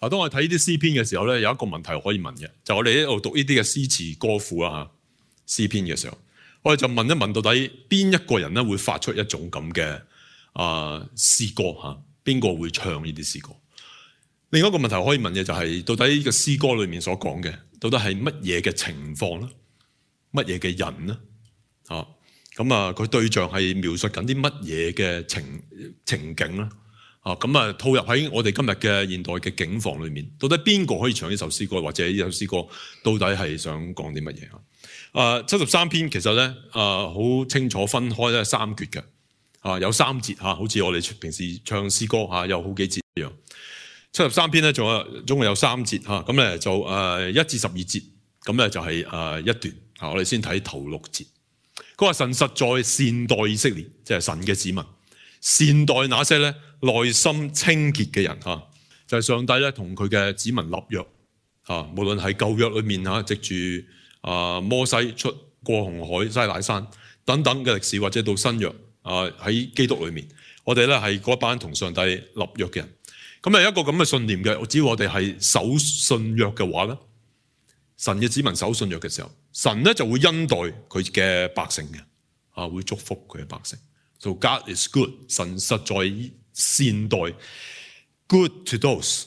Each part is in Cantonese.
嗱，當我睇呢啲詩篇嘅時候咧，有一個問題可以問嘅，就我哋一路讀呢啲嘅詩詞歌賦啊吓，詩篇嘅時候，我哋就問一問到底邊一個人咧會發出一種咁嘅啊詩歌吓，邊個會唱呢啲詩歌？另一個問題可以問嘅就係、是、到底呢個詩歌裏面所講嘅，到底係乜嘢嘅情況咧？乜嘢嘅人咧？啊，咁啊，佢對象係描述緊啲乜嘢嘅情情景咧？啊，咁啊，套入喺我哋今日嘅現代嘅警防裏面，到底邊個可以唱呢首詩歌，或者呢首詩歌到底係想講啲乜嘢啊？啊，七十三篇其實咧，好、uh, 清楚分開咧三段嘅啊，uh, 有三節、uh, 好似我哋平時唱詩歌、uh, 有好幾節一樣。七十三篇咧，仲有總共有三節，咁咧就一至十二節，咁、uh, 咧就係一段，我哋先睇頭六節，佢、uh, 話神實在善待以色列，即係神嘅子民，善待那些咧。內心清潔嘅人嚇，就係上帝咧同佢嘅子民立約嚇，無論係舊約裏面嚇，藉住啊摩西出過紅海、西奈山等等嘅歷史，或者到新約啊喺基督裏面，我哋咧係嗰班同上帝立約嘅人。咁係一個咁嘅信念嘅，只要我哋係守信約嘅話咧，神嘅子民守信約嘅時候，神咧就會恩待佢嘅百姓嘅，啊會祝福佢嘅百姓。So God is good，神實在。善待 good to those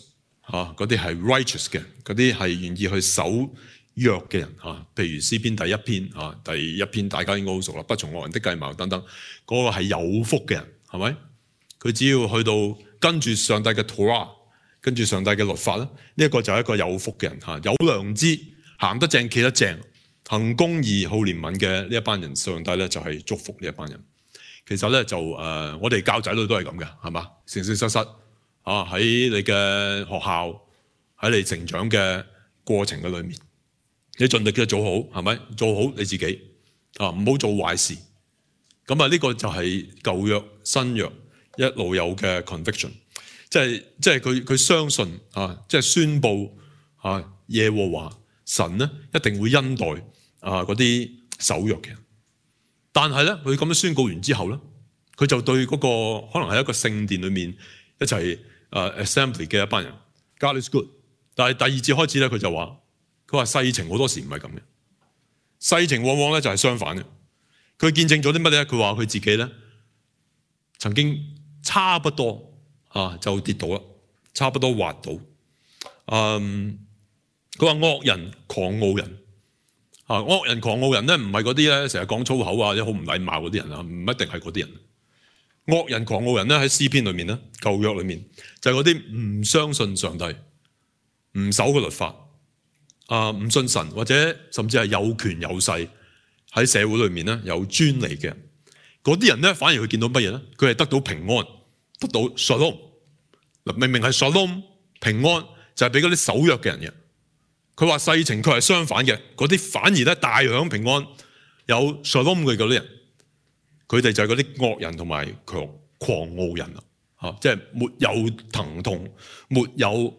嚇，嗰啲係 righteous 嘅，嗰啲係願意去守約嘅人嚇。譬如詩篇第一篇，第一篇大家應該好熟啦，不從惡人的計謀等等，嗰、嗰個係有福嘅人，係咪？佢只要去到跟住上帝嘅 Torah，跟住上帝嘅律法咧，呢、呢、一個就係一個有福嘅人，有良知，行得正，企得正，行公義，好憐憫嘅呢一班人，上帝咧就係祝福呢一班人。其實咧就誒、呃，我哋教仔女都係咁嘅，係嘛？誠誠實實實啊，喺你嘅學校，喺你成長嘅過程嘅裏面，你盡力嘅做好係咪？做好你自己啊，唔好做壞事。咁啊，呢個就係舊約新約一路有嘅 conviction，即係即係佢佢相信啊，即係宣佈啊耶和華神咧一定會恩待啊嗰啲守約嘅人。但係咧，佢咁樣宣告完之後咧，佢就對嗰、那個可能係一個聖殿裏面一齊、uh, assembly 嘅一班人，God is good。但係第二節開始咧，佢就話：佢話世情好多時唔係咁嘅，世情往往咧就係相反嘅。佢見證咗啲乜嘢咧？佢話佢自己咧曾經差不多啊、uh, 就跌倒啦，差不多滑倒。嗯，佢話惡人狂傲人。啊！惡人狂傲人咧，唔係嗰啲咧，成日講粗口或者好唔禮貌嗰啲人啊，唔一定係嗰啲人。惡人狂傲人咧，喺詩篇裏面咧，舊約裏面就係嗰啲唔相信上帝、唔守個律法、啊唔信神或者甚至係有權有勢喺社會裏面咧有專利嘅嗰啲人咧，反而佢見到乜嘢咧？佢係得到平安，得到 shalom。嗱，明明係 shalom 平安，就係俾嗰啲守約嘅人嘅。佢話世情佢係相反嘅，嗰啲反而咧大享平安，有 Shalom 嘅嗰啲人，佢哋就係嗰啲惡人同埋狂狂傲人啊！嚇，即係沒有疼痛、沒有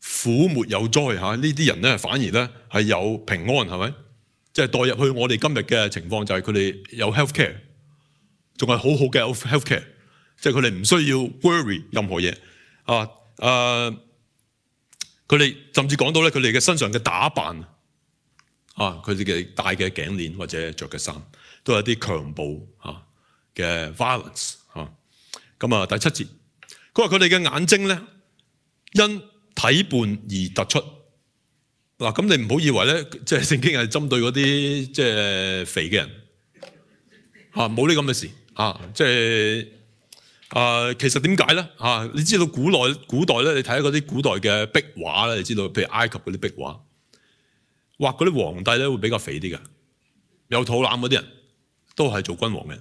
苦、沒有災嚇，啊、呢啲人咧反而咧係有平安，係咪？即係代入去我哋今日嘅情況，就係佢哋有 health care，仲係好好嘅 health care，即係佢哋唔需要 worry 任何嘢啊！誒、呃。佢哋甚至講到咧，佢哋嘅身上嘅打扮啊，佢哋嘅戴嘅頸鏈或者着嘅衫，都有啲強暴嚇嘅 violence 嚇。咁啊，第七節，佢話佢哋嘅眼睛咧，因體胖而突出。嗱，咁你唔好以為咧、啊，即係聖經係針對嗰啲即係肥嘅人嚇，冇呢咁嘅事嚇，即係。誒、呃，其實點解咧？嚇、啊，你知道古代古代咧，你睇嗰啲古代嘅壁畫咧，你知道，譬如埃及嗰啲壁畫，畫嗰啲皇帝咧會比較肥啲㗎，有肚腩嗰啲人都係做君王嘅，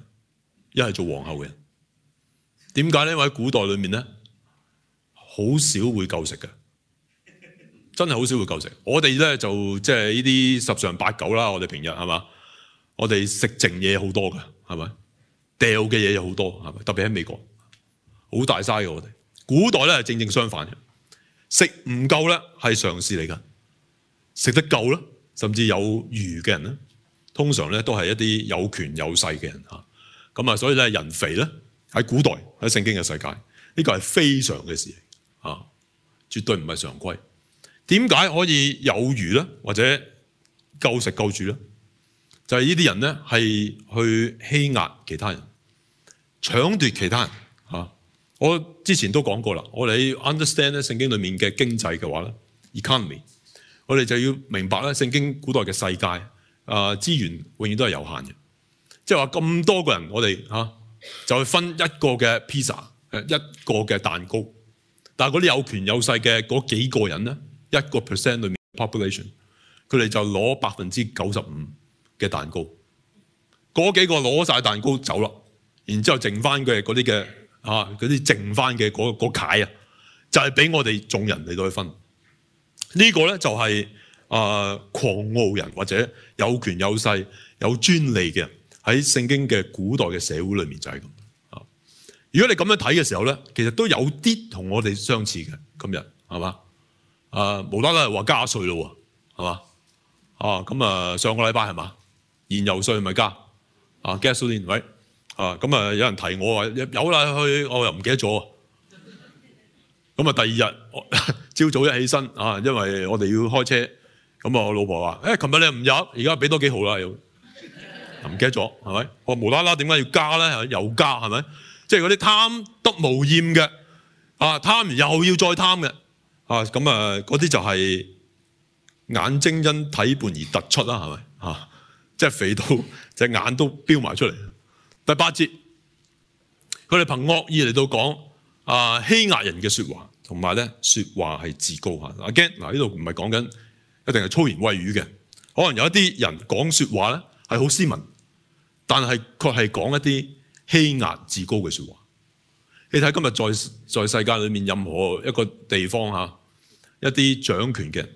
一係做皇后嘅。點解咧？因為喺古代裏面咧，好少會夠食嘅，真係好少會夠食。我哋咧就即係呢啲十常八九啦。我哋平日係嘛，我哋食剩嘢好多㗎，係咪？掉嘅嘢有好多，係咪？特別喺美國。好大嘥嘅。我哋古代咧，正正相反嘅，食唔夠咧，係常事嚟噶。食得夠咧，甚至有餘嘅人咧，通常咧都係一啲有權有勢嘅人嚇咁啊。所以咧，人肥咧喺古代喺聖經嘅世界呢、個係非常嘅事啊，絕對唔係常規。點解可以有餘咧，或者夠食夠住咧？就係呢啲人咧係去欺壓其他人，搶奪其他人，我之前都講過啦，我哋要 understand 咧聖經裏面嘅經濟嘅話咧，economy，我哋就要明白咧聖經古代嘅世界，啊、呃、資源永遠都係有限嘅，即係話咁多個人，我哋嚇、啊、就去分一個嘅 pizza，誒一個嘅蛋糕，但係嗰啲有權有勢嘅嗰幾個人咧，一個 percent 裏面嘅 population，佢哋就攞百分之九十五嘅蛋糕，嗰幾個攞晒蛋糕走啦，然之後剩翻佢哋嗰啲嘅。啊！嗰啲剩翻嘅嗰個嗰啲啊，就係、是、俾我哋眾人嚟到去分、這個、呢個咧，就係、是、啊、呃、狂傲人或者有權有勢有專利嘅人喺聖經嘅古代嘅社會裏面就係咁啊！如果你咁樣睇嘅時候咧，其實都有啲同我哋相似嘅，今日係嘛？啊，無啦啦係話加稅咯喎，係嘛？啊，咁啊，上個禮拜係嘛，燃油稅係咪加啊 Gasoline 喂？Gasoline, right? 啊咁啊！有人提我話有啦去，我又唔記得咗。咁啊，第二日朝、啊、早一起身啊，因為我哋要開車。咁啊，我老婆話，誒、欸，琴日你唔入，而家俾多幾號啦，又唔記得咗，係咪？我無啦啦，點解要加咧？又加係咪？即係嗰啲貪得無厭嘅啊，貪又要再貪嘅啊，咁啊，嗰啲就係眼睛因體胖而突出啦，係咪？啊，即係肥到隻眼都飆埋出嚟。第八節，佢哋憑惡意嚟到講啊欺壓人嘅說話，同埋咧說話係自高嚇。Again，嗱呢度唔係講緊一定係粗言穢語嘅，可能有一啲人講說話咧係好斯文，但係佢係講一啲欺壓自高嘅說話。你睇今日在在世界裏面任何一個地方嚇，一啲掌權嘅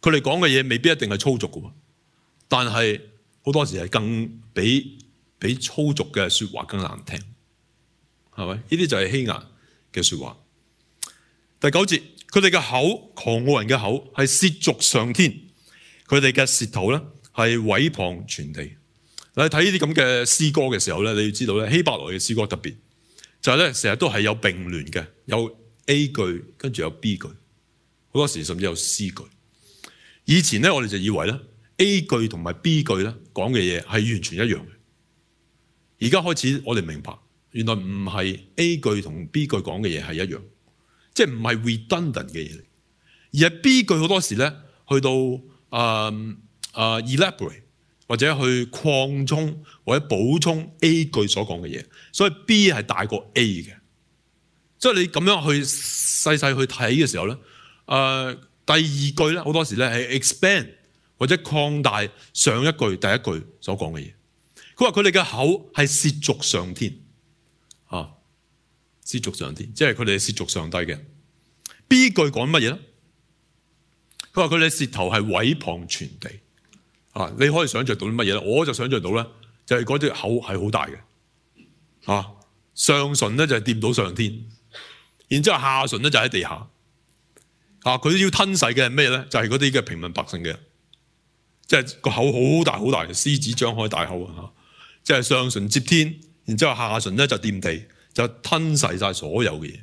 佢哋講嘅嘢未必一定係粗俗喎，但係好多時係更比比粗俗嘅説話更難聽，係咪？呢啲就係欺壓嘅説話。第九節，佢哋嘅口，狂傲人嘅口係褻瀆上天；佢哋嘅舌頭咧係毀謗全地。你睇呢啲咁嘅詩歌嘅時候咧，你要知道咧，希伯來嘅詩歌特別就係咧，成日都係有並聯嘅，有 A 句跟住有 B 句，好多時甚至有 C 句。以前咧，我哋就以為咧 A 句同埋 B 句咧講嘅嘢係完全一樣嘅。而家開始，我哋明白原來唔係 A 句同 B 句講嘅嘢係一樣，即係唔係 redundant 嘅嘢，而係 B 句好多時咧去到、呃呃、elaborate 或者去擴充或者補充 A 句所講嘅嘢，所以 B 係大過 A 嘅。即係你咁樣去細細去睇嘅時候咧、呃，第二句咧好多時咧係 expand 或者擴大上一句第一句所講嘅嘢。佢話佢哋嘅口係褻瀆上天，吓褻瀆上天，即係佢哋褻瀆上帝嘅。B 句講乜嘢咧？佢話佢哋嘅舌頭係毀謗全地，啊，你可以想象到啲乜嘢咧？我就想象到咧，就係嗰隻口係好大嘅，吓，上唇咧就掂到上天，然之後下唇咧就喺地下，吓、啊、佢要吞噬嘅係咩咧？就係嗰啲嘅平民百姓嘅，即係個口好大好大，獅子張開大口啊！即係上唇接天，然之後下唇咧就掂地，就吞噬晒所有嘅嘢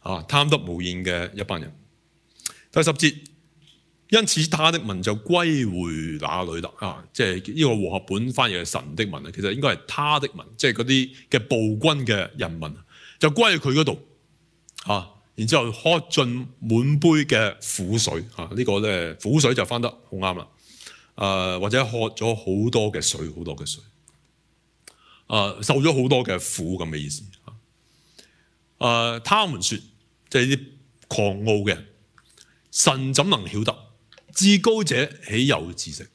啊！貪得無厭嘅一班人。第十節，因此他的民就歸回那裏啦。啊，即係呢個和合本翻譯係神的民啊，其實應該係他的民，即係嗰啲嘅暴君嘅人民就歸去佢嗰度啊。然之後喝盡滿杯嘅苦水啊！這個、呢個咧苦水就翻得好啱啦。誒、啊，或者喝咗好多嘅水，好多嘅水。啊、呃，受咗好多嘅苦咁嘅意思。啊、呃，他們説，即係啲狂傲嘅人，神怎能曉得？至高者豈有知識？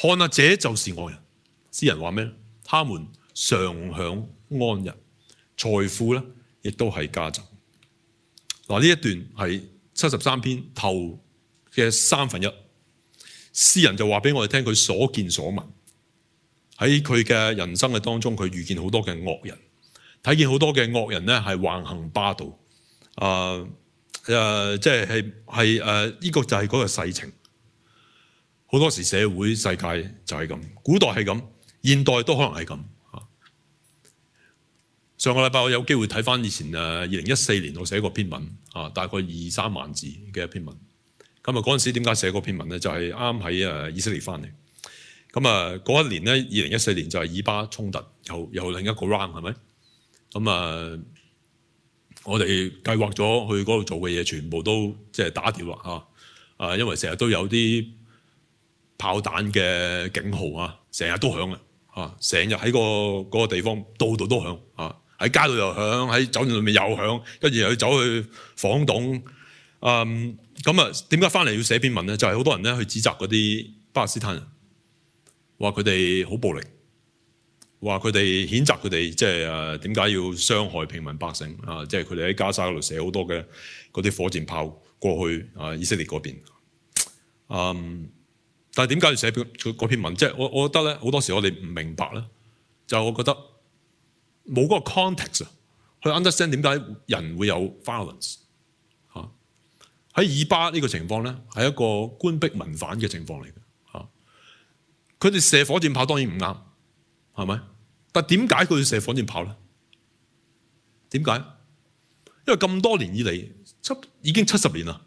看啊，這就是惡人。詩人話咩？他們常享安逸，財富咧亦都係家產。嗱、呃，呢一段係七十三篇頭嘅三分一。詩人就話俾我哋聽佢所見所聞。喺佢嘅人生嘅當中，佢遇見好多嘅惡人，睇見好多嘅惡人咧係橫行霸道，啊、呃，誒、呃，即係係係誒，呢、呃這個就係嗰個世情。好多時候社會世界就係咁，古代係咁，現代都可能係咁。上個禮拜我有機會睇翻以前誒二零一四年我寫過篇文，啊，大概二三萬字嘅一篇文。咁啊嗰陣時點解寫嗰篇文咧？就係啱喺誒以色列翻嚟。咁啊，嗰一年咧，二零一四年就係以巴衝突，又又另一個 round 係咪？咁啊，我哋計劃咗去嗰度做嘅嘢，全部都即係打掉啦嚇。啊，因為成日都有啲炮彈嘅警號啊，成日都響啊，成日喺個嗰、嗰個、地方度度都響啊，喺街度又響，喺酒店裏面又響，跟住又去走去防空洞。嗯，咁啊，點解翻嚟要寫篇文咧？就係、係、好多人咧去指責嗰啲巴勒斯坦人。話佢哋好暴力，話佢哋，譴責佢哋，即係誒，點解要傷害平民百姓啊！即係佢哋喺加沙嗰度射好多嘅嗰啲火箭炮過去啊！以色列嗰邊，嗯，但係點解要寫篇嗰篇文？即係我我覺得咧，好多時我哋唔明白咧，就係我覺得冇嗰個 context 去 understand 點解人會有 violence 嚇、啊。喺以巴呢個情況咧，係一個官逼民反嘅情況嚟嘅。佢哋射火箭炮當然唔啱，係咪？但點解佢哋射火箭炮咧？點解？因為咁多年以嚟，七已經七十年啦，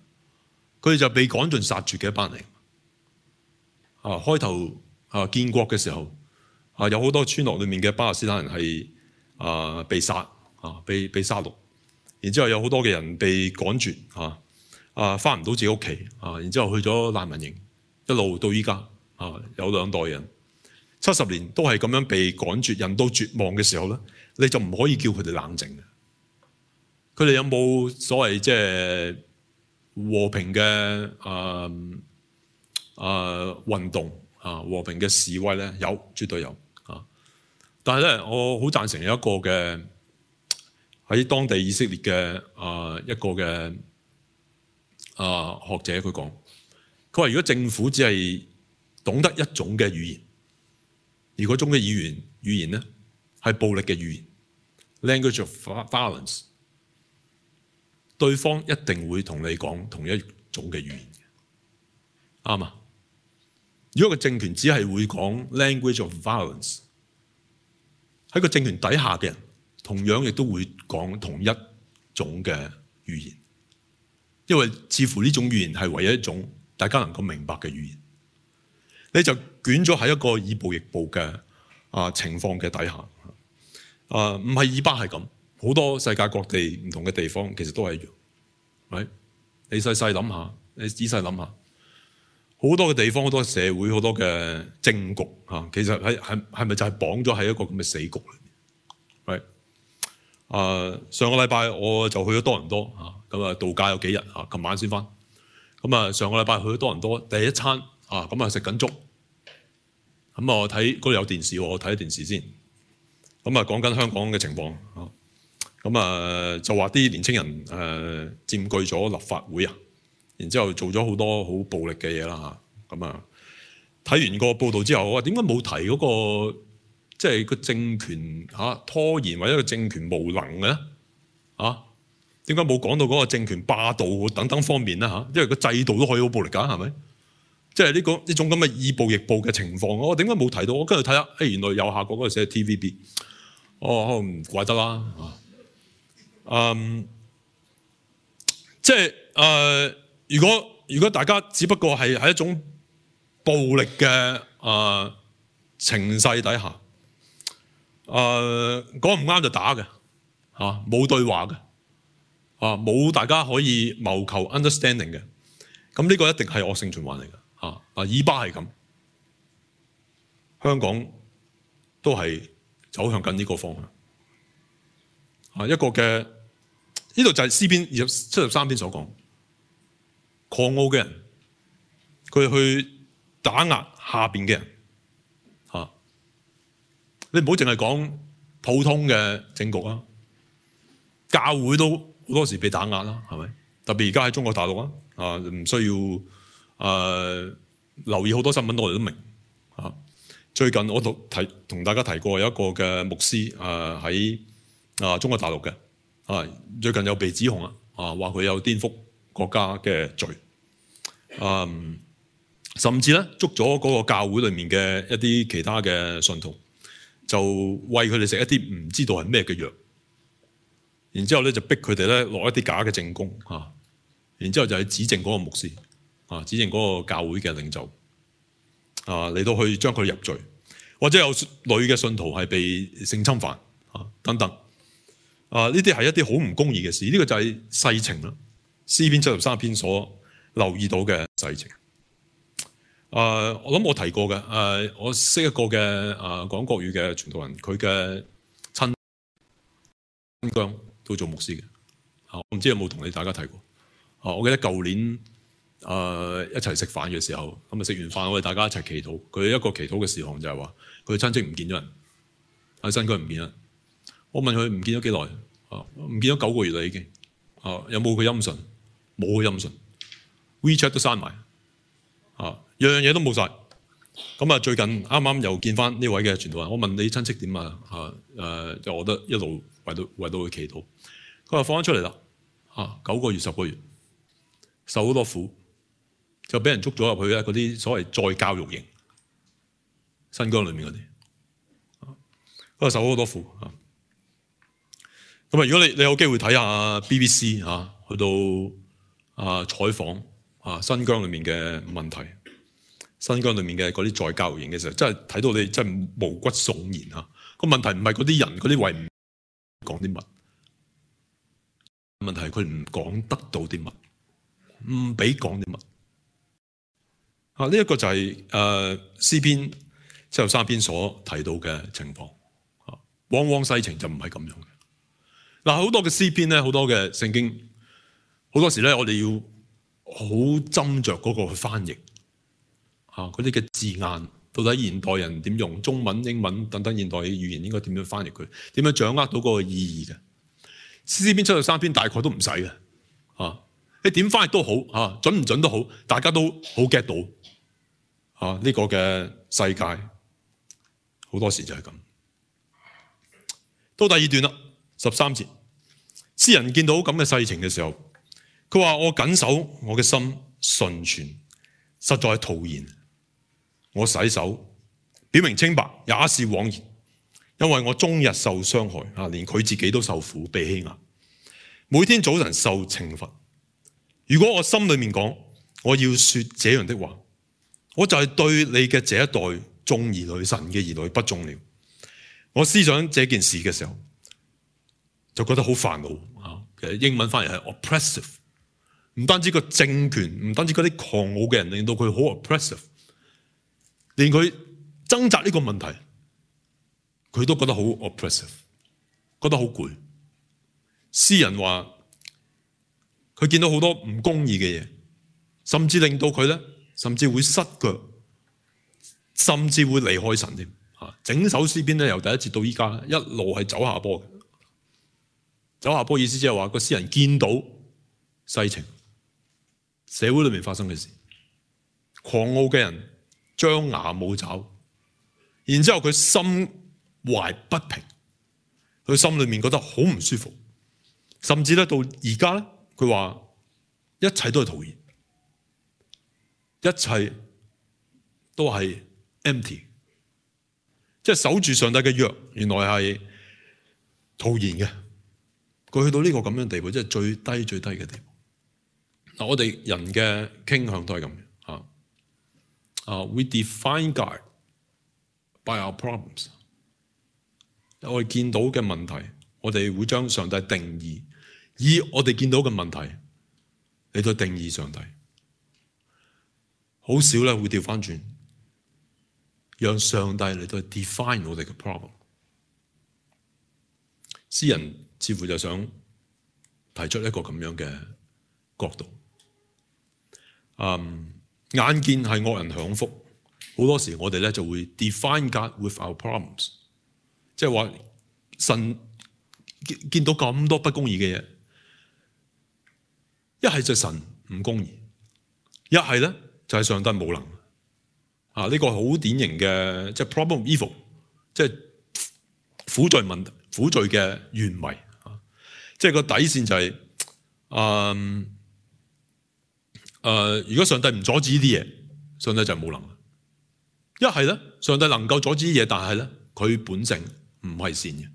佢哋就被趕盡殺絕嘅一班人。啊，開頭啊，建國嘅時候啊，有好多村落裏面嘅巴勒斯坦人係啊被殺啊，被被殺戮，然之後有好多嘅人被趕絕啊啊，翻唔到自己屋企啊，然之後去咗難民營，一路到依家。啊！有兩代人七十年都係咁樣被趕絕，人都絕望嘅時候咧，你就唔可以叫佢哋冷靜。佢哋有冇所謂即係和平嘅啊啊運動啊、和平嘅示威咧？有，絕對有啊！但係咧，我好贊成有一個嘅喺當地以色列嘅啊一個嘅啊學者佢，佢講：佢話如果政府只係懂得一種嘅語言，而嗰種嘅語言語言咧係暴力嘅語言 （language of violence）。對方一定會同你講同一種嘅語言，啱嘛？如果一個政權只係會講 language of violence，喺個政權底下嘅人同樣亦都會講同一種嘅語言，因為似乎呢種語言係唯一一種大家能夠明白嘅語言。你就捲咗喺一個以暴易暴嘅啊情況嘅底下，啊唔係以巴係咁，好多世界各地唔同嘅地方其實都係一樣，right? 你細細諗下，你仔細諗下，好多嘅地方，好多社會，好多嘅政局嚇，其實係係係咪就係綁咗喺一個咁嘅死局裡面？right? uh, 上個禮拜我就去咗多倫多嚇，咁啊度假有幾日嚇，琴晚先翻，咁啊上個禮拜去咗多倫多，第一餐。啊，咁、嗯、啊食緊粥，咁啊我睇嗰度有電視喎，我睇電視先。咁、嗯、啊講緊香港嘅情況嚇，咁、嗯、啊、嗯、就話啲年輕人誒、嗯、佔據咗立法會啊，然之後做咗好多好暴力嘅嘢啦嚇。咁啊睇完個報道之後，我話點解冇提嗰、那個即係、就是、個政權嚇、啊、拖延或者個政權無能嘅咧？嚇，點解冇講到嗰個政權霸道等等方面咧嚇？因為個制度都可以好暴力㗎，係咪？即係呢個呢種咁嘅以暴易暴嘅情況，我點解冇提到？我跟住睇下，誒原來右下角嗰度寫 TVB，哦唔怪得啦、啊。嗯，即係誒、呃，如果如果大家只不過係喺一種暴力嘅誒、呃、情勢底下，誒講唔啱就打嘅冇、啊、對話嘅冇、啊、大家可以謀求 understanding 嘅，咁呢個一定係惡性循環嚟嘅。啊！啊！以巴係咁，香港都係走向緊呢個方向。啊！一個嘅呢度就係《詩篇》七十三篇所講，狂傲嘅人佢去打壓下邊嘅人。嚇！你唔好淨係講普通嘅政局啊，教會都好多時被打壓啦，係咪？特別而家喺中國大陸啊，啊唔需要。誒、呃、留意好多新聞，我哋都明嚇、啊。最近我讀提同大家提過，有一個嘅牧師誒喺啊，在啊中國大陸嘅，啊最近又被指控啊，啊話佢有顛覆國家嘅罪，嗯、啊，甚至咧捉咗嗰個教會裏面嘅一啲其他嘅信徒，就餵佢哋食一啲唔知道係咩嘅藥，然之後咧就逼佢哋咧攞一啲假嘅證供嚇、啊，然之後就去指證嗰個牧師。啊！指認嗰個教會嘅領袖啊，嚟到去將佢入罪，或者有女嘅信徒係被性侵犯啊等等啊，呢啲係一啲好唔公義嘅事。呢、這個就係世情啦，《詩篇》七十三篇所留意到嘅世情。誒、啊，我諗我提過嘅誒、啊，我識一個嘅誒、啊、講國語嘅傳道人，佢嘅親新疆都做牧師嘅。嚇、啊，我唔知有冇同你大家提過。嚇、啊，我記得舊年。Uh, 一齊食飯嘅時候，咁啊，食完飯我哋大家一齊祈禱。佢一個祈禱嘅事項就係話，佢親戚唔見咗人喺新區唔見啦。我問佢唔見咗幾耐？啊，唔見咗九個月啦已經。啊，有冇佢音訊？冇佢音訊。WeChat 都刪埋。啊，樣樣嘢都冇晒。咁啊，最近啱啱又見翻呢位嘅傳道人。我問你親戚點啊？就我得一路為到為到佢祈禱。佢話放咗出嚟啦。啊，九個月十個月，受好多苦。就俾人捉咗入去咧，嗰啲所謂再教育營新疆裏面嗰啲，嗰手好多苦嚇。咁啊，如果你你有機會睇下 BBC 嚇、啊，去到啊採訪啊新疆裏面嘅問題，新疆裏面嘅嗰啲再教育營嘅時候，真係睇到你真係毛骨悚然嚇。個問題唔係嗰啲人嗰啲為講啲乜，問題係佢唔講得到啲乜，唔俾講啲乜。呢、這、一個就係誒詩篇七十三篇所提到嘅情況。往往世情就唔係咁樣嘅。嗱，好多嘅詩篇咧，好多嘅聖經，好多時咧，我哋要好斟酌嗰個去翻譯嚇嗰啲嘅字眼，到底現代人點用中文、英文等等現代嘅語言應該點樣翻譯佢？點樣掌握到嗰個意義嘅？詩篇七十三篇大概都唔使嘅。嚇，你點翻譯都好嚇，準唔準都好，大家都好 get 到。啊！呢個嘅世界好多時就係咁。到第二段啦，十三節，詩人見到咁嘅世情嘅時候，佢話：我緊守我嘅心，純全，實在係徒然；我洗手，表明清白，也是枉然，因為我終日受傷害啊！連佢自己都受苦，被欺壓，每天早晨受懲罰。如果我心裏面講，我要說這樣的話。我就係對你嘅這一代，眾兒女神嘅兒女不忠了。我思想這件事嘅時候，就覺得好煩惱啊！英文反而係 oppressive，唔單止個政權，唔單止嗰啲狂傲嘅人，令到佢好 oppressive，連佢掙扎呢個問題，佢都覺得好 oppressive，覺得好攰。詩人話：佢見到好多唔公義嘅嘢，甚至令到佢咧。甚至會失腳，甚至會離開神添嚇。整首詩篇咧，由第一節到依家，一路係走下坡。走下坡意思即係話個詩人見到世情，社會裏面發生嘅事，狂傲嘅人張牙舞爪，然之後佢心懷不平，佢心裏面覺得好唔舒服，甚至咧到而家咧，佢話一切都係徒然。一切都係 empty，即係守住上帝嘅約，原來係徒然嘅。佢去到呢個咁樣地步，即係最低最低嘅地步。嗱，我哋人嘅傾向都係咁嘅吓，啊，We define God by our problems。我哋見到嘅問題，我哋會將上帝定義，以我哋見到嘅問題嚟到定義上帝。好少咧會調翻轉，讓上帝嚟到 define 我哋嘅 problem。詩人似乎就想提出一個咁樣嘅角度。嗯、um，眼見係惡人享福，好多時我哋咧就會 define God with our problems，即係話神見見到咁多不公義嘅嘢，一係就神唔公義，一係咧。就係、是、上帝冇能啊！呢、這個好典型嘅，即、就、係、是、problem of evil，即係苦罪問題，苦罪嘅原委啊！即、就、係、是、個底線就係誒誒，如果上帝唔阻止呢啲嘢，上帝就係冇能；一係咧，上帝能夠阻止啲嘢，但係咧佢本性唔係善嘅，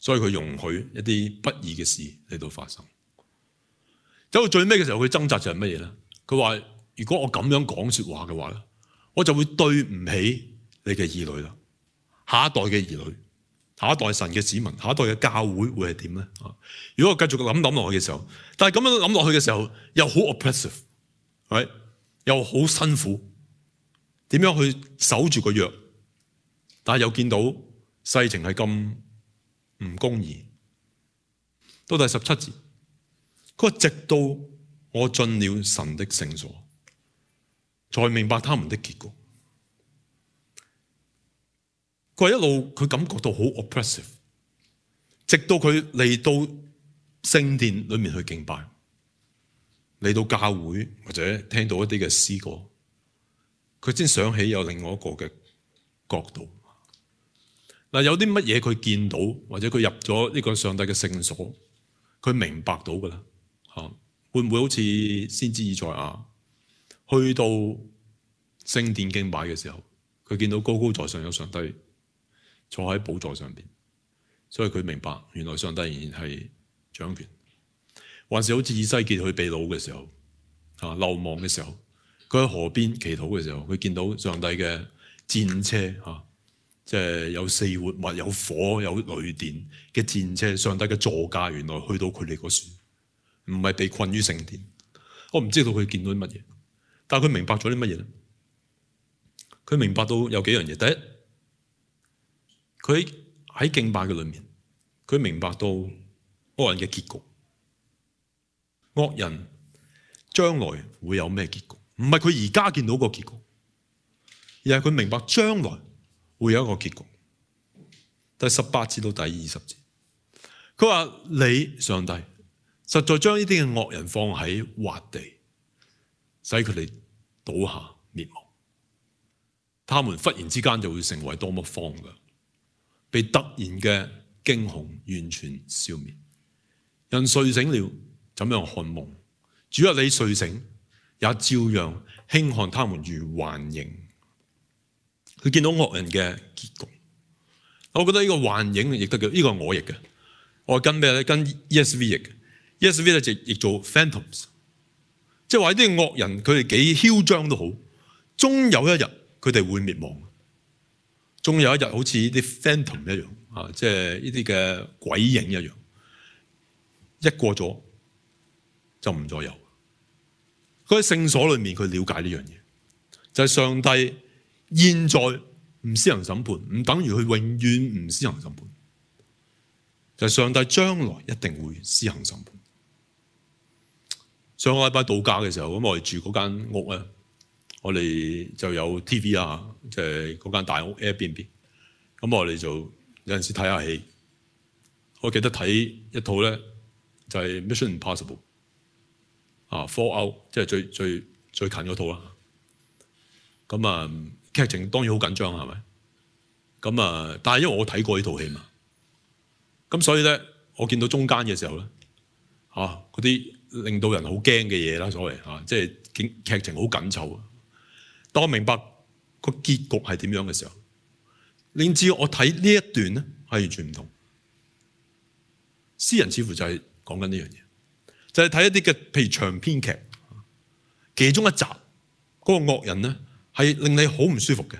所以佢容許一啲不義嘅事嚟到發生。走到最尾嘅時候，佢掙扎就係乜嘢咧？佢話。如果我咁樣講說話嘅話咧，我就會對唔起你嘅兒女啦，下一代嘅兒女，下一代神嘅子民，下一代嘅教會會係點咧？如果我繼續諗諗落去嘅時候，但係咁樣諗落去嘅時候又好 oppressive，係又好辛苦，點樣去守住個約？但係又見到世情係咁唔公義。到第十七節，佢話直到我進了神的聖所。才明白他們的結局。佢一路佢感覺到好 oppressive，直到佢嚟到聖殿裏面去敬拜，嚟到教會或者聽到一啲嘅詩歌，佢先想起有另外一個嘅角度。嗱，有啲乜嘢佢見到，或者佢入咗呢個上帝嘅聖所，佢明白到噶啦，吓會唔會好似先知以賽亞呀？去到聖殿敬拜嘅時候，佢見到高高在上有上帝坐喺寶座上邊，所以佢明白原來上帝仍然係掌權，還是好似以西結去被擄嘅時候，流亡嘅時候，佢喺河邊祈禱嘅時候，佢見到上帝嘅戰車吓，即係有四活物、有火、有雷電嘅戰車。上帝嘅座駕原來去到佢哋嗰處，唔係被困於聖殿。我唔知道佢見到乜嘢。但係佢明白咗啲乜嘢咧？佢明白到有幾樣嘢。第一，佢喺敬拜嘅裏面，佢明白到惡人嘅結局，惡人將來會有咩結局？唔係佢而家見到個結局，而係佢明白將來會有一個結局。第十八節到第二十節，佢話：你上帝實在將呢啲嘅惡人放喺滑地。使佢哋倒下滅亡，他們忽然之間就會成為多麼荒涼，被突然嘅驚恐完全消滅。人睡醒了，怎樣看夢？主啊，你睡醒也照樣輕看他們如幻影。佢見到惡人嘅結局，我覺得呢個幻影譯得嘅，呢個我譯嘅，我跟咩？跟 ESV 譯，ESV 咧就譯做 Phantoms。即係話啲惡人，佢哋幾囂張都好，終有一日佢哋會滅亡。終有一日好似啲 phantom 一樣，啊，即係呢啲嘅鬼影一樣，一過咗就唔再有。佢喺聖所裏面，佢了解呢樣嘢，就係、是、上帝現在唔施行審判，唔等於佢永遠唔施行審判。就係、是、上帝將來一定會施行審判。上個禮拜度假嘅時候，咁我哋住嗰間屋咧，我哋就有 T.V. 啊，即係嗰間大屋 Airbnb。咁我哋就有陣時睇下戲。我記得睇一套咧、就是，就係 Mission Impossible 啊，Fallout，即係最最最近嗰套啦。咁啊，劇情當然好緊張係咪？咁啊，但係因為我睇過呢套戲嘛，咁所以咧，我見到中間嘅時候咧，啊，嗰啲～令到人好驚嘅嘢啦，所謂嚇，即係景劇情好緊湊。當我明白個結局係點樣嘅時候，令至我睇呢一段咧係完全唔同。詩人似乎就係講緊呢樣嘢，就係、是、睇一啲嘅，譬如長篇劇，其中一集嗰個惡人咧係令你好唔舒服嘅，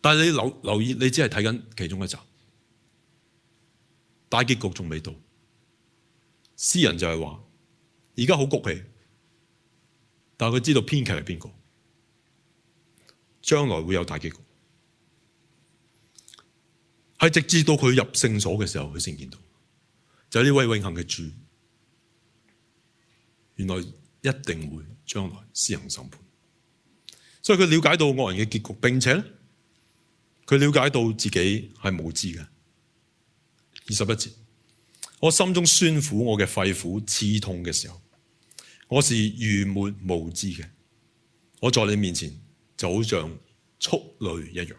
但係你留留意，你只係睇緊其中一集，大結局仲未到。詩人就係話，而家好谷氣，但係佢知道編劇係邊個，將來會有大結局。係直至到佢入聖所嘅時候，佢先見到就係呢位永恆嘅主，原來一定會將來施行審判。所以佢了解到惡人嘅結局，並且呢佢了解到自己係無知嘅。二十一節，我心中酸苦，我嘅肺腑刺痛嘅時候。我是愚昧無知嘅，我在你面前就好像畜類一樣，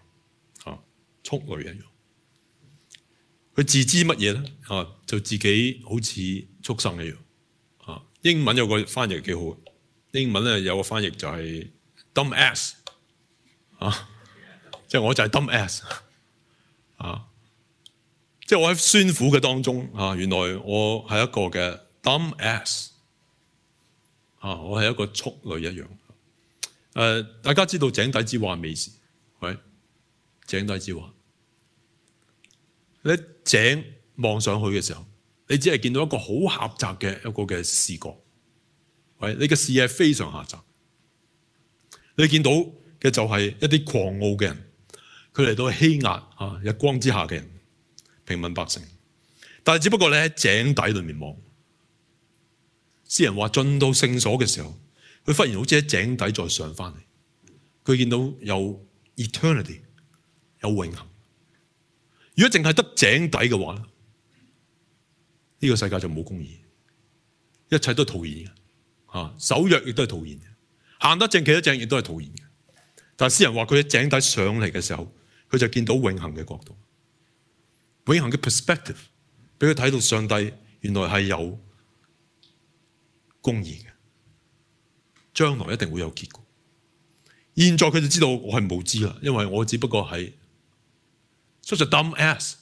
啊，畜類一樣。佢自知乜嘢呢？就自己好似畜生一樣。啊，英文有個翻譯幾好，英文咧有個翻譯就係 dumb ass，啊，即係我就係 dumb ass，啊，即係我喺酸苦嘅當中啊，原來我係一個嘅 dumb ass。啊！我係一個畜類一樣。誒、呃，大家知道井底之蛙未？是喂，井底之蛙，你一井望上去嘅時候，你只係見到一個好狹窄嘅一個嘅視角。喂，你嘅視野非常狹窄。你見到嘅就係一啲狂傲嘅人，佢嚟到欺壓啊日光之下嘅人，平民百姓。但係只不過你喺井底裏面望。詩人話：進到聖所嘅時候，佢忽然好似喺井底再上翻嚟。佢見到有 eternity，有永恆。如果淨係得井底嘅話，呢個世界就冇公義，一切都徒然嘅。嚇，守約亦都係徒然嘅，行得正企得正亦都係徒然嘅。但係詩人話佢喺井底上嚟嘅時候，佢就見到永恆嘅角度，永恆嘅 perspective，俾佢睇到上帝原來係有。公義嘅，將來一定會有結果。現在佢就知道我係無知啦，因為我只不過係，such a dumb ass，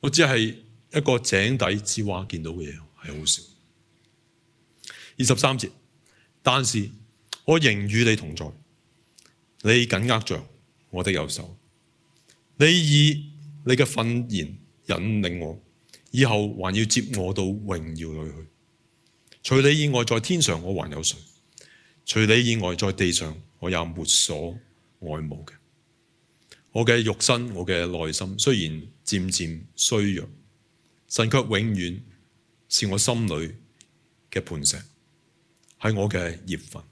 我只係一個井底之蛙見到嘅嘢，係好少。二十三節，但是我仍與你同在，你緊握着我的右手，你以你嘅訓言引領我，以後還要接我到榮耀裏去。除你以外，在天上我還有誰？除你以外，在地上我也沒所愛慕嘅。我嘅肉身，我嘅內心，雖然漸漸衰弱，神卻永遠是我心裏嘅磐石，是我嘅業份。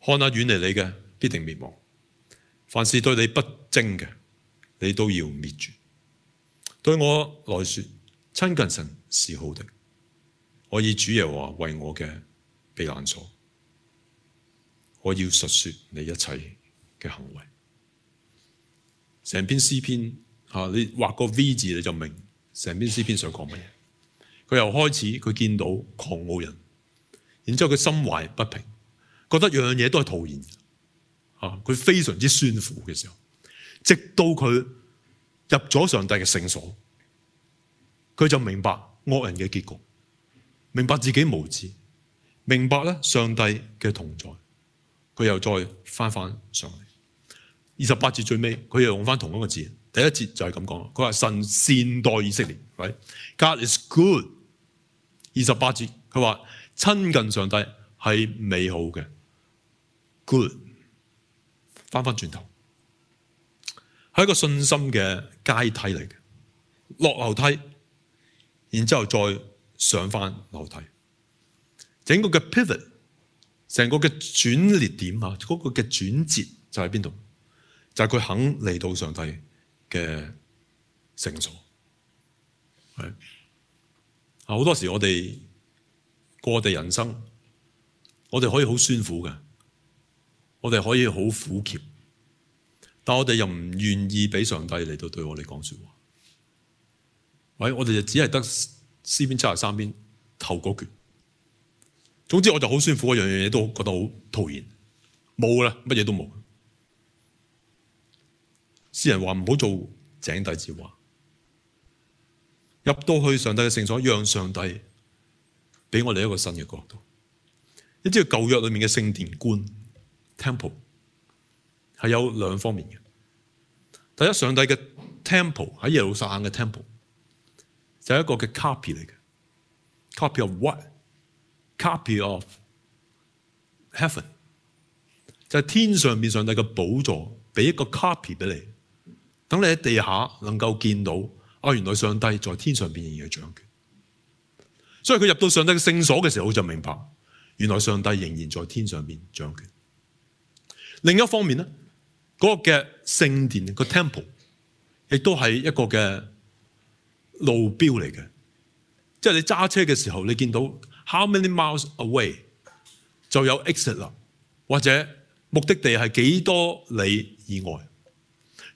看哪遠離你嘅，必定滅亡；凡是對你不貞嘅，你都要滅絕。對我來說，親近神是好的。我以主耶和華為我嘅避難所，我要述說你一切嘅行為。成篇詩篇你畫個 V 字，你就明。成篇詩篇想講乜嘢？佢又開始，佢見到狂傲人，然之後佢心懷不平，覺得樣樣嘢都係徒然。佢非常之酸苦嘅時候，直到佢入咗上帝嘅聖所，佢就明白惡人嘅結局。明白自己無知，明白咧上帝嘅同在，佢又再翻翻上嚟。二十八節最尾，佢又用翻同一個字。第一節就係咁講，佢話神善待以色列，God is good。二十八節，佢話親近上帝係美好嘅 good。翻翻轉頭，係一個信心嘅階梯嚟嘅，落樓梯，然之後再，上翻樓梯，整個嘅 pivot，成個嘅轉捩點啊，嗰個嘅轉折就喺邊度？就係、是、佢肯嚟到上帝嘅聖所。啊，好多時我哋過我哋人生，我哋可以好酸苦嘅，我哋可以好苦澀，但我哋又唔願意俾上帝嚟到對我哋講說話。喂，我哋就只係得。詩篇七十三篇，頭嗰段。總之我就好辛苦，一樣樣嘢都覺得好討厭，冇啦，乜嘢都冇。詩人話唔好做井底之蛙，入到去上帝嘅聖所，讓上帝俾我哋一個新嘅角度。你知道舊約裡面嘅聖殿觀 （temple） 係有兩方面嘅。第一，上帝嘅 temple 喺耶路撒冷嘅 temple。就係一個嘅 copy 嚟嘅，copy of what，copy of heaven。就係天上面上帝嘅寶座，俾一個 copy 俾你，等你喺地下能夠見到，啊，原來上帝在天上邊仍然係掌權。所以佢入到上帝嘅聖所嘅時候，佢就明白，原來上帝仍然在天上邊掌權。另一方面咧，嗰個嘅聖殿、個 temple 亦都係一個嘅。路標嚟嘅，即係你揸車嘅時候，你見到 how many miles away 就有 exit 啦，或者目的地係幾多里以外，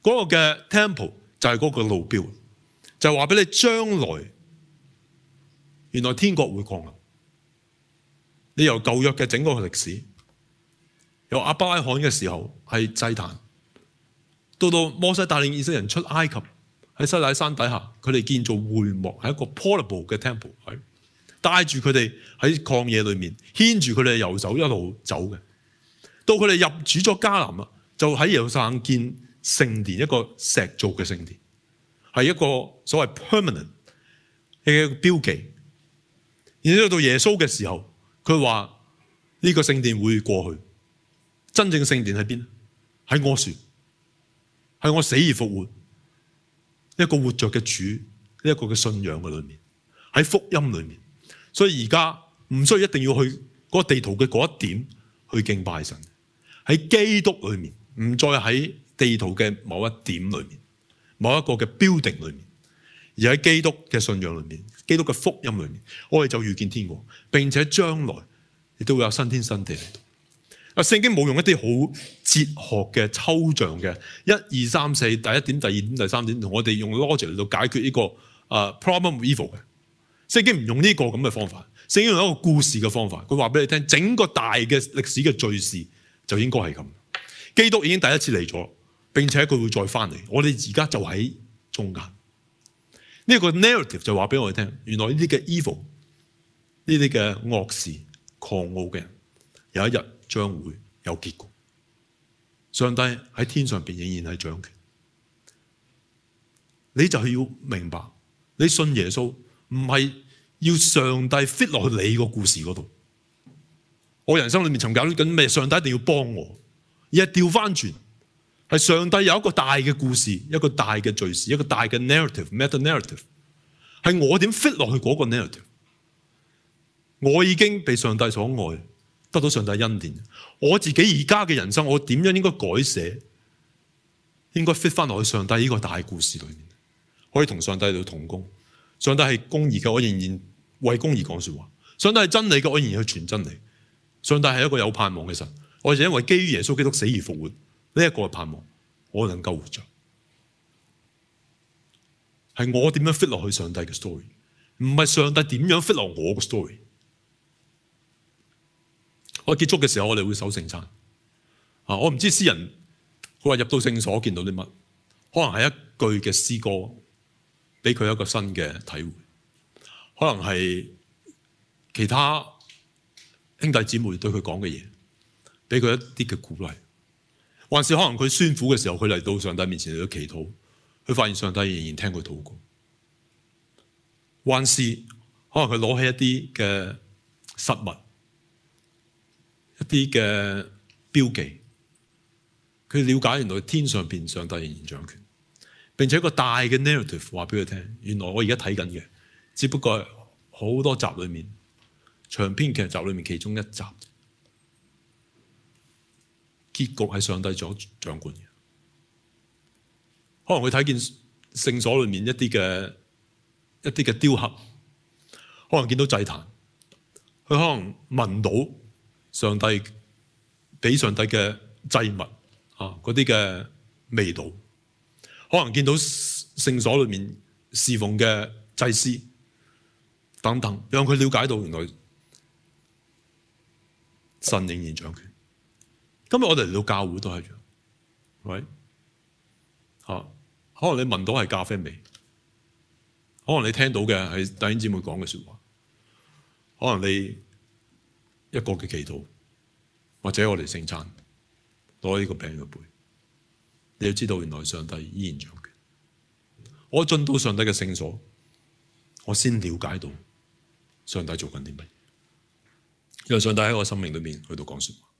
嗰、那個嘅 temple 就係嗰個路標，就話、是、俾你將來原來天國會降臨，你由舊約嘅整個歷史，由阿巴拉罕嘅時候係祭壇，到到摩西帶領以色列人出埃及。喺西乃山底下，佢哋建造會幕，係一個 Portable 嘅 temple，係帶住佢哋喺曠野裏面，牽住佢哋嘅右手一路走嘅。到佢哋入主咗迦南啊，就喺游山建聖殿，一個石造嘅聖殿，係一個所謂 permanent 嘅標記。然之後到耶穌嘅時候，佢話呢個聖殿會過去。真正聖殿喺邊？喺我船，係我死而復活。一個活着嘅主，呢一個嘅信仰嘅裏面，喺福音裏面，所以而家唔需要一定要去嗰個地圖嘅嗰一點去敬拜神，喺基督裏面，唔再喺地圖嘅某一點裏面，某一個嘅 building 裏面，而喺基督嘅信仰裏面，基督嘅福音裏面，我哋就遇見天王，並且將來亦都會有新天新地。啊！聖經冇用一啲好哲學嘅抽象嘅一二三四第一點、第二點、第三點，同我哋用 logic 嚟到解決呢個 problem of evil 嘅。聖經唔用呢個咁嘅方法，聖經用一個故事嘅方法。佢話俾你聽，整個大嘅歷史嘅敘事就應該係咁。基督已經第一次嚟咗，並且佢會再翻嚟。我哋而家就喺中間呢個 narrative 就話俾我哋聽，原來呢啲嘅 evil 呢啲嘅惡事狂傲嘅有一日，將會有結果。上帝喺天上邊仍然係掌權，你就係要明白，你信耶穌唔係要上帝 fit 落去你個故事嗰度。我人生裏面尋找緊咩？上帝一定要幫我，而係調翻轉，係上帝有一個大嘅故事，一個大嘅敘事，一個大嘅 narrative meta narrative，係我點 fit 落去嗰個 narrative？我已經被上帝所愛。得到上帝恩典，我自己而家嘅人生，我點樣應該改寫？應該 fit 翻落去上帝呢個大故事裏面，可以同上帝做同工。上帝係公義嘅，我仍然為公義講說話；上帝係真理嘅，我仍然去傳真理。上帝係一個有盼望嘅神，我就因為基於耶穌基督死而復活呢一個係盼望，我能夠活着。係我點樣 fit 落去上帝嘅 story，唔係上帝點樣 fit 落我嘅 story。我結束嘅時候，我哋會守聖餐。啊，我唔知詩人佢話入到聖所見到啲乜，可能係一句嘅詩歌，俾佢一個新嘅體會；可能係其他兄弟姊妹對佢講嘅嘢，俾佢一啲嘅鼓勵；還是可能佢酸苦嘅時候，佢嚟到上帝面前去祈禱，佢發現上帝仍然聽佢禱告。還是可能佢攞起一啲嘅失物。一啲嘅標記，佢了解原來天上邊上帝仍然掌權。並且一個大嘅 narrative 話俾佢聽，原來我而家睇緊嘅，只不過好多集裏面長篇劇集裏面其中一集，結局係上帝做掌管嘅。可能佢睇見聖所裏面一啲嘅一啲嘅雕刻，可能見到祭壇，佢可能聞到。上帝俾上帝嘅祭物啊，嗰啲嘅味道，可能見到聖所裏面侍奉嘅祭司等等，讓佢了解到原來神仍然掌權。今日我哋嚟到教會都係咁，喂，嚇，可能你聞到係咖啡味，可能你聽到嘅係弟兄姊妹講嘅說話，可能你。一個嘅祈禱，或者我哋聖餐攞呢個餅嘅杯，你要知道原來上帝依然掌權。我進到上帝嘅聖所，我先了解到上帝在做緊啲乜，讓上帝喺我生命裏面去到講說話。